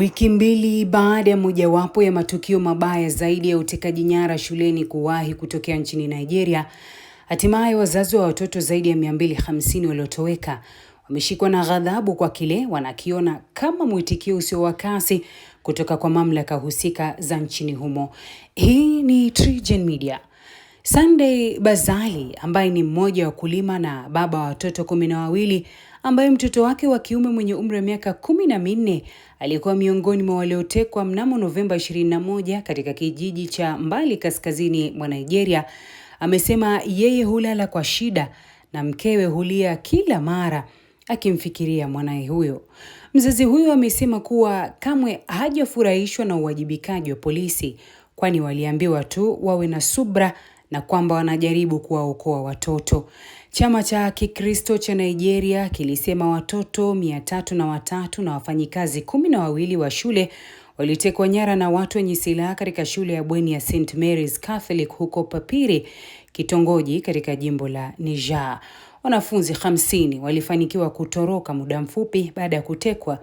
Wiki mbili baada ya mojawapo ya matukio mabaya zaidi ya utekaji nyara shuleni kuwahi kutokea nchini Nigeria, hatimaye wazazi wa watoto zaidi ya 250 waliotoweka wameshikwa na ghadhabu kwa kile wanakiona kama mwitikio usio wa kasi kutoka kwa mamlaka husika za nchini humo. Hii ni TriGen Media. Sunday Bazali ambaye ni mmoja wa kulima na baba wa watoto kumi na wawili ambaye mtoto wake wa kiume mwenye umri wa miaka kumi na minne alikuwa miongoni mwa waliotekwa mnamo Novemba 21 katika kijiji cha Mbali kaskazini mwa Nigeria, amesema yeye hulala kwa shida na mkewe hulia kila mara akimfikiria mwanaye huyo. Mzazi huyo amesema kuwa kamwe hajafurahishwa na uwajibikaji wa polisi, kwani waliambiwa tu wawe na subra na kwamba wanajaribu kuwaokoa watoto. Chama cha Kikristo cha Nigeria kilisema watoto mia tatu na watatu na wafanyikazi kumi na wawili wa shule walitekwa nyara na watu wenye silaha katika shule ya bweni ya St Mary's Catholic huko Papiri kitongoji katika jimbo la Niger. Wanafunzi 50 walifanikiwa kutoroka muda mfupi baada ya kutekwa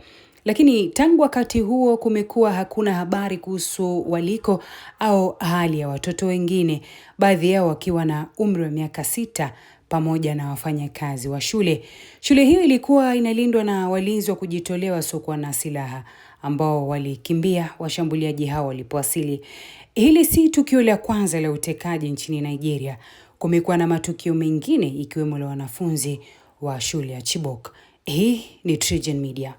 lakini tangu wakati huo kumekuwa hakuna habari kuhusu waliko au hali ya watoto wengine, baadhi yao wakiwa na umri wa miaka sita pamoja na wafanyakazi wa shule. Shule hiyo ilikuwa inalindwa na walinzi wa kujitolea wasiokuwa na silaha ambao walikimbia washambuliaji hao walipowasili. Hili si tukio la kwanza la utekaji nchini Nigeria. Kumekuwa na matukio mengine ikiwemo la wanafunzi wa shule ya Chibok. Hii ni TriGen Media.